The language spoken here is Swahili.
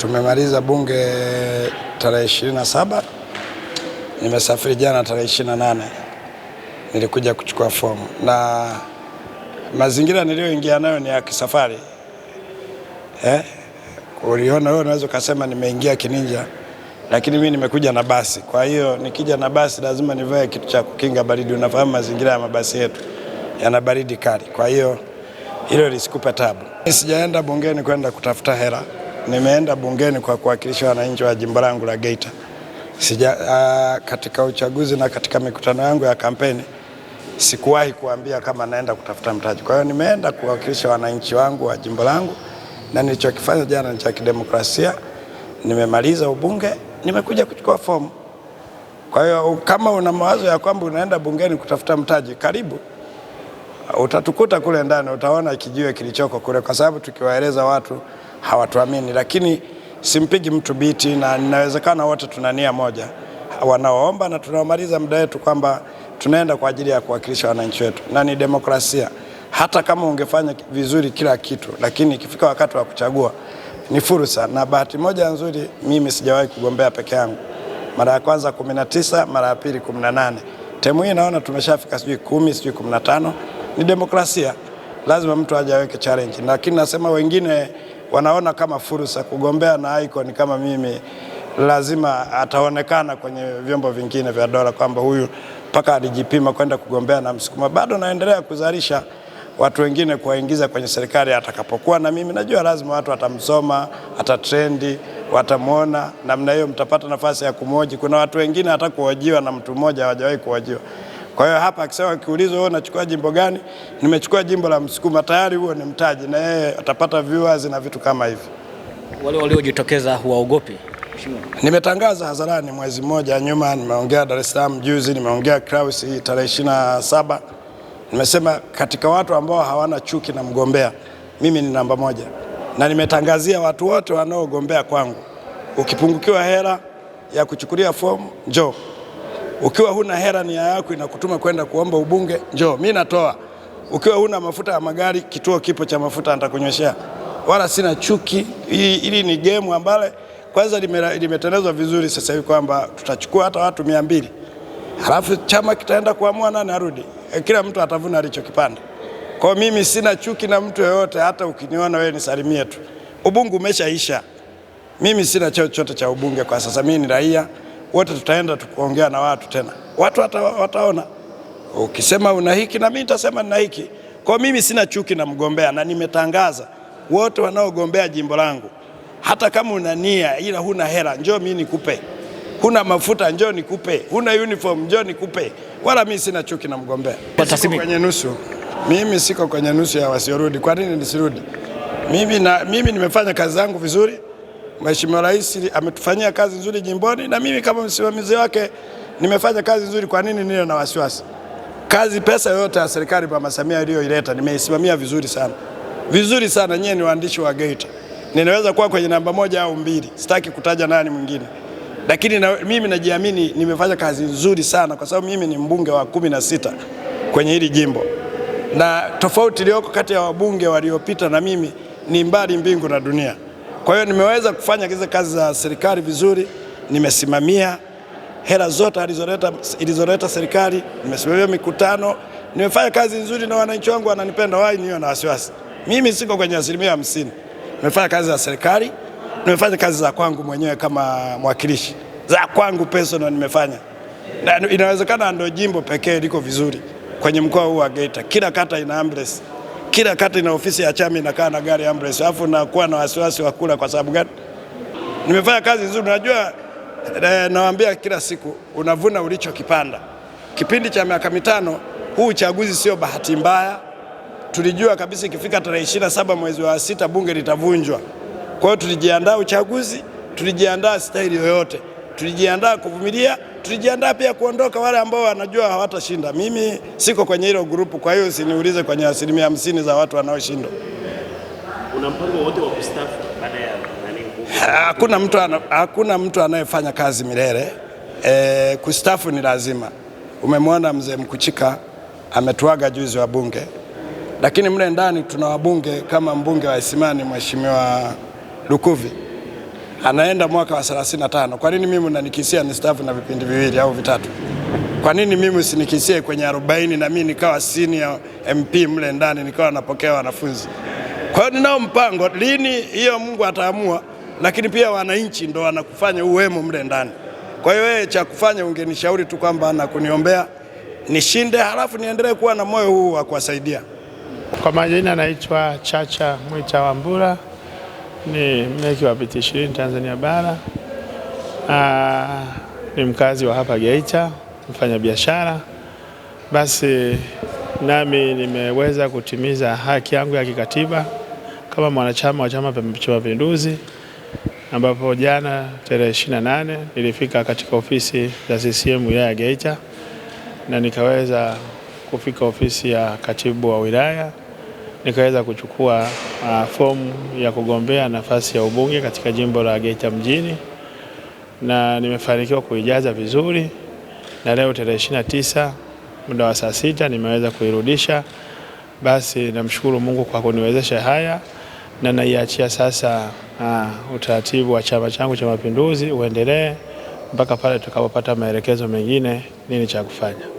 Tumemaliza bunge tarehe saba Nimesafiri jana tarehe nane nilikuja kuchukua fomu, na mazingira niliyoingia nayo ni ya kisafari eh? Uliona wewe, unaweza ukasema nimeingia kininja, lakini mimi nimekuja na basi. Kwa hiyo nikija na basi lazima nivae kitu cha kukinga baridi. Unafahamu mazingira ya mabasi yetu yana baridi kali, kwa hiyo hilo lisikupa tabu. Sijaenda bungeni kwenda kutafuta hela nimeenda bungeni kwa kuwakilisha wananchi wa jimbo langu la Geita. Sija, a, ah, katika uchaguzi na katika mikutano yangu ya kampeni sikuwahi kuambia kama naenda kutafuta mtaji. Kwa hiyo nimeenda kuwakilisha wananchi wangu wa jimbo langu, na nilichokifanya jana ni cha kidemokrasia. Nimemaliza ubunge, nimekuja kuchukua fomu. Kwa hiyo kama una mawazo ya kwamba unaenda bungeni kutafuta mtaji, karibu utatukuta kule ndani, utaona kijiwe kilichoko kule, kwa sababu tukiwaeleza watu hawatuamini, lakini simpigi mtu biti, na inawezekana wote tuna nia moja, wanaoomba na tunaomaliza muda wetu, kwamba tunaenda kwa ajili ya kuwakilisha wananchi wetu, na ni demokrasia. Hata kama ungefanya vizuri kila kitu, lakini ikifika wakati wa kuchagua ni fursa. Na bahati moja nzuri, mimi sijawahi kugombea peke yangu, mara ya kwanza 19, mara ya pili 18. Temu hii naona tumeshafika sijui kumi, sijui 15. Ni demokrasia, lazima mtu aje aweke challenge, lakini nasema wengine wanaona kama fursa kugombea na icon kama mimi, lazima ataonekana kwenye vyombo vingine vya dola kwamba huyu mpaka alijipima kwenda kugombea na Msukuma. Bado naendelea kuzalisha watu wengine kuwaingiza kwenye serikali. Atakapokuwa na mimi, najua lazima watu watamsoma, atatrendi, watamwona namna hiyo, mtapata nafasi ya kumhoji. Kuna watu wengine hata kuhojiwa na mtu mmoja hawajawahi kuhojiwa. Kwa hiyo hapa akisema kiulizo, wewe unachukua jimbo gani, nimechukua jimbo la Msukuma, tayari huo ni mtaji na yeye atapata viewers na vitu kama hivi. Wale waliojitokeza huwaogopi? Nimetangaza hadharani mwezi mmoja nyuma, nimeongea Dar es Salaam juzi, nimeongea Kraus tarehe 27, saba. Nimesema katika watu ambao hawana chuki na mgombea mimi ni namba moja, na nimetangazia watu wote wanaogombea kwangu, ukipungukiwa hela ya kuchukulia fomu njoo. Ukiwa huna hera nia yako inakutuma kwenda kuomba ubunge, njoo mimi natoa. Ukiwa huna mafuta ya magari, kituo kipo cha mafuta, nitakunyoshea. Wala sina chuki. Hili ni game ambalo kwanza limetendezwa vizuri sasa hivi kwamba tutachukua hata watu mia mbili halafu chama kitaenda kuamua nani arudi. E, kila mtu atavuna alichokipanda. Kwa mimi sina chuki na mtu yoyote, hata ukiniona wewe nisalimie tu. Ubunge umeshaisha. Mimi sina chochote cha ubunge kwa sasa, mimi ni raia wote tutaenda tukuongea na watu tena, watu wata, wataona ukisema una hiki na mimi nitasema nina hiki. Kwa mimi sina chuki na mgombea, na nimetangaza wote wanaogombea jimbo langu, hata kama una nia ila huna hela, njoo mimi nikupe. Huna mafuta, njoo nikupe. Huna uniform, njoo nikupe. Wala mimi sina chuki na mgombea. Siko kwenye nusu, mimi siko kwenye nusu ya wasiorudi. Kwa nini nisirudi? Mimi, na, mimi nimefanya kazi zangu vizuri. Mheshimiwa Rais ametufanyia kazi nzuri jimboni, na mimi kama msimamizi wake nimefanya kazi nzuri. Kwa nini nile na wasiwasi? Kazi, pesa yoyote ya serikali Mama Samia iliyoileta nimeisimamia vizuri sana, vizuri sana. Nyie ni waandishi wa Geita, ninaweza kuwa kwenye namba moja au mbili, sitaki kutaja nani mwingine, lakini na, mimi najiamini nimefanya kazi nzuri sana, kwa sababu mimi ni mbunge wa kumi na sita kwenye hili jimbo, na tofauti iliyoko kati ya wabunge waliopita na mimi ni mbali mbingu na dunia. Kwa hiyo nimeweza kufanya hizo kazi za serikali vizuri, nimesimamia hela zote ilizoleta serikali, nimesimamia mikutano, nimefanya kazi nzuri na wananchi wangu wananipenda. Wai niyo na wasiwasi mimi siko kwenye asilimia hamsini. Nimefanya kazi za serikali, nimefanya kazi za kwangu mwenyewe kama mwakilishi za kwangu personal nimefanya, na inawezekana ndio jimbo pekee liko vizuri kwenye mkoa huu wa Geita. Kila kata ina ambulance kila kati na ofisi ya chama inakaa na gari ambulance, alafu nakuwa na wasiwasi wa kula. Kwa sababu gani? Nimefanya kazi nzuri. Unajua, eh, nawaambia kila siku, unavuna ulichokipanda. Kipindi cha miaka mitano, huu uchaguzi sio bahati mbaya. Tulijua kabisa ikifika tarehe 27 mwezi wa sita bunge litavunjwa. Kwa hiyo tulijiandaa uchaguzi, tulijiandaa staili yoyote, tulijiandaa kuvumilia tulijiandaa pia kuondoka wale ambao wanajua hawatashinda. Mimi siko kwenye hilo grupu, kwa hiyo usiniulize kwenye asilimia hamsini za watu wanaoshindwa. Una mpango wote wa kustaafu baada ya Hakuna mtu, hakuna mtu anayefanya kazi milele. E, kustafu ni lazima. Umemwona mzee Mkuchika ametuaga juzi wa bunge, lakini mle ndani tuna wabunge kama mbunge wa Isimani Mheshimiwa Lukuvi anaenda mwaka wa 35. Kwa nini mimi unanikisia nistaafu na vipindi viwili au vitatu? Kwa nini mimi usinikisie kwenye 40 na mimi nikawa senior MP mle ndani nikawa napokea wanafunzi? Kwa hiyo ninao mpango, lini hiyo Mungu ataamua, lakini pia wananchi ndo wanakufanya uwemo mle ndani. Kwa hiyo wewe cha kufanya ungenishauri tu kwamba na kuniombea nishinde, halafu niendelee kuwa na moyo huu wa kuwasaidia. Kwa majina naitwa Chacha Mwita Wambura ni mmiliki wa Piti Ishirini Tanzania Bara. Aa, ah, ni mkazi wa hapa Geita, mfanya biashara. Basi nami nimeweza kutimiza haki yangu ya kikatiba kama mwanachama wa Chama cha Mapinduzi, ambapo jana tarehe 28 nilifika katika ofisi za CCM wilaya ya Geita na nikaweza kufika ofisi ya katibu wa wilaya nikaweza kuchukua uh, fomu ya kugombea nafasi ya ubunge katika jimbo la Geita mjini na nimefanikiwa kuijaza vizuri, na leo tarehe 29 muda wa saa sita nimeweza kuirudisha. Basi namshukuru Mungu kwa kuniwezesha haya, na naiachia sasa uh, utaratibu wa chama changu cha Mapinduzi uendelee mpaka pale tutakapopata maelekezo mengine nini cha kufanya.